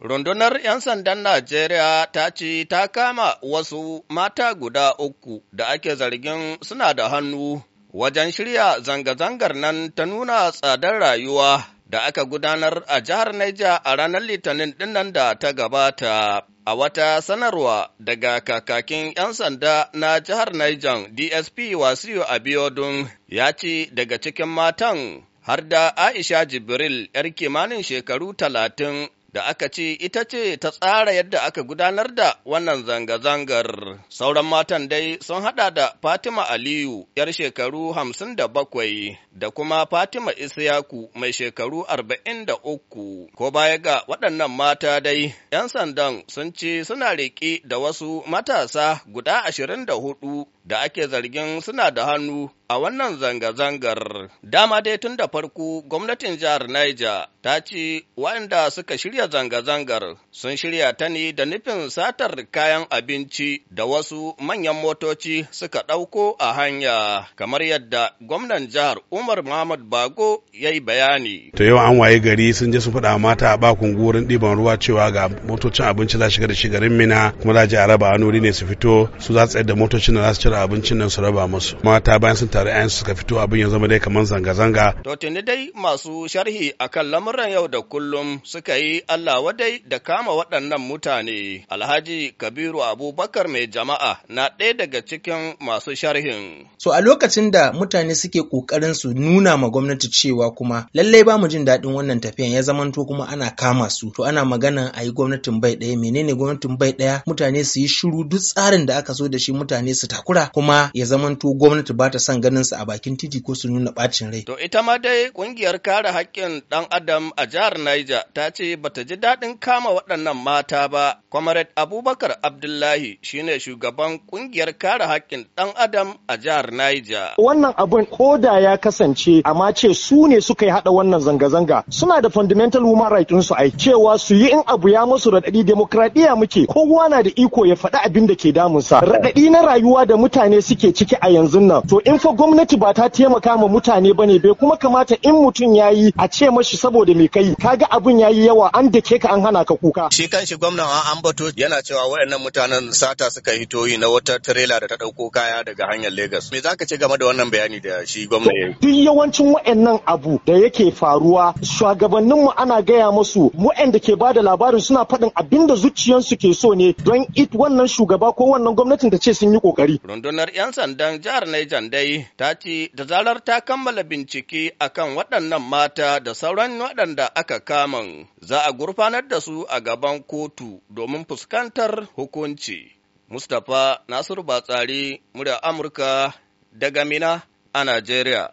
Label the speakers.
Speaker 1: Rundunar ‘yan sandan Najeriya ta ce ta kama wasu mata guda uku da ake zargin suna da hannu wajen shirya zanga-zangar nan ta nuna tsadar rayuwa da aka gudanar a jihar Naija a ranar Litinin dinnan da ta gabata. A wata sanarwa daga kakakin ‘yan sanda na jihar Niger DSP Wasiyu Abiodun ya ce daga cikin matan har da Aisha Jibril ‘yar kimanin shekaru talatin da aka ce ita ce ta tsara yadda aka gudanar da wannan zanga-zangar. Sauran matan dai sun haɗa da Fatima Aliyu, ‘yar shekaru hamsin da bakwai, da kuma Fatima Isiyaku mai shekaru arba'in da uku. Ko baya ga waɗannan mata dai, ‘yan sandan sun ce suna riƙe da wasu matasa guda ashirin da hudu da ake zargin suna da hannu a wannan zanga-zangar. Dama dai tun da farko gwamnatin jihar Niger ta ce waɗanda suka shirya zanga-zangar sun shirya ta ne da nufin satar kayan abinci da wasu manyan motoci suka ɗauko a hanya kamar yadda
Speaker 2: gwamnan jihar Umar Muhammad Bago ya yi bayani. To yau an waye gari sun je sun faɗa mata a bakun gurin ɗiban ruwa cewa ga motocin abinci za shiga da shi garin Mina kuma za a je a raba wani ne su fito su za su tsayar da motocin da za su cire abincin nan su raba musu mata bayan sun tare ayan suka fito abin ya zama dai kamar zanga-zanga
Speaker 1: to tuni dai masu sharhi akan lamuran yau da kullum suka yi Allah wadai da kama waɗannan mutane Alhaji Kabiru Abubakar mai jama'a na ɗaya daga cikin masu sharhin
Speaker 2: so a lokacin da mutane suke ƙoƙarin su nuna ma gwamnati cewa kuma lallai ba mu jin daɗin wannan tafiyan ya zamanto kuma ana kama su to ana magana a yi gwamnatin bai ɗaya menene gwamnatin bai ɗaya mutane su yi shiru duk tsarin da aka so da shi mutane su takura kuma ya zamanto gwamnati ba ta son ganin su a bakin titi ko su nuna bacin rai. To
Speaker 1: ita ma dai ƙungiyar kare hakkin ɗan adam a jihar Niger ta ce ba ta ji daɗin kama waɗannan mata ba. Comrade Abubakar Abdullahi shine shugaban ƙungiyar kare haƙƙin ɗan adam a jihar Niger.
Speaker 3: Wannan abun koda ya kasance amma ce su ne suka yi haɗa wannan zanga-zanga suna da fundamental human rights su ai cewa su yi in abu ya musu raɗaɗi demokradiyya muke kowa na da iko ya faɗi abin da ke damunsa raɗaɗi na rayuwa da mutane suke ciki a yanzu nan to in fa gwamnati ba ta taimaka ma mutane bane bai kuma kamata in mutum ya yi a ce mashi saboda me kai kaga abun yi yawa an dake ka an hana ka kuka
Speaker 1: shi kanshi gwamnan an bato yana cewa waɗannan mutanen sata suka hito yi na wata trailer da ta ɗauko kaya daga hanyar Lagos me zaka ce game da wannan bayani da shi gwamnati?
Speaker 3: duk yawancin waɗannan abu da yake faruwa shugabannin mu ana gaya musu waɗanda ke bada labarin suna faɗin abinda zuciyarsu ke so ne don it wannan shugaba ko wannan gwamnatin ta ce sun yi kokari
Speaker 1: rundunar 'yan sandan jihar Niger dai ta ce da zarar ta kammala bincike akan waɗannan mata da sauran waɗanda aka kaman za a gurfanar da su a gaban kotu domin fuskantar hukunci. Mustapha Nasiru Batsari, murya Amurka daga Mina a Najeriya.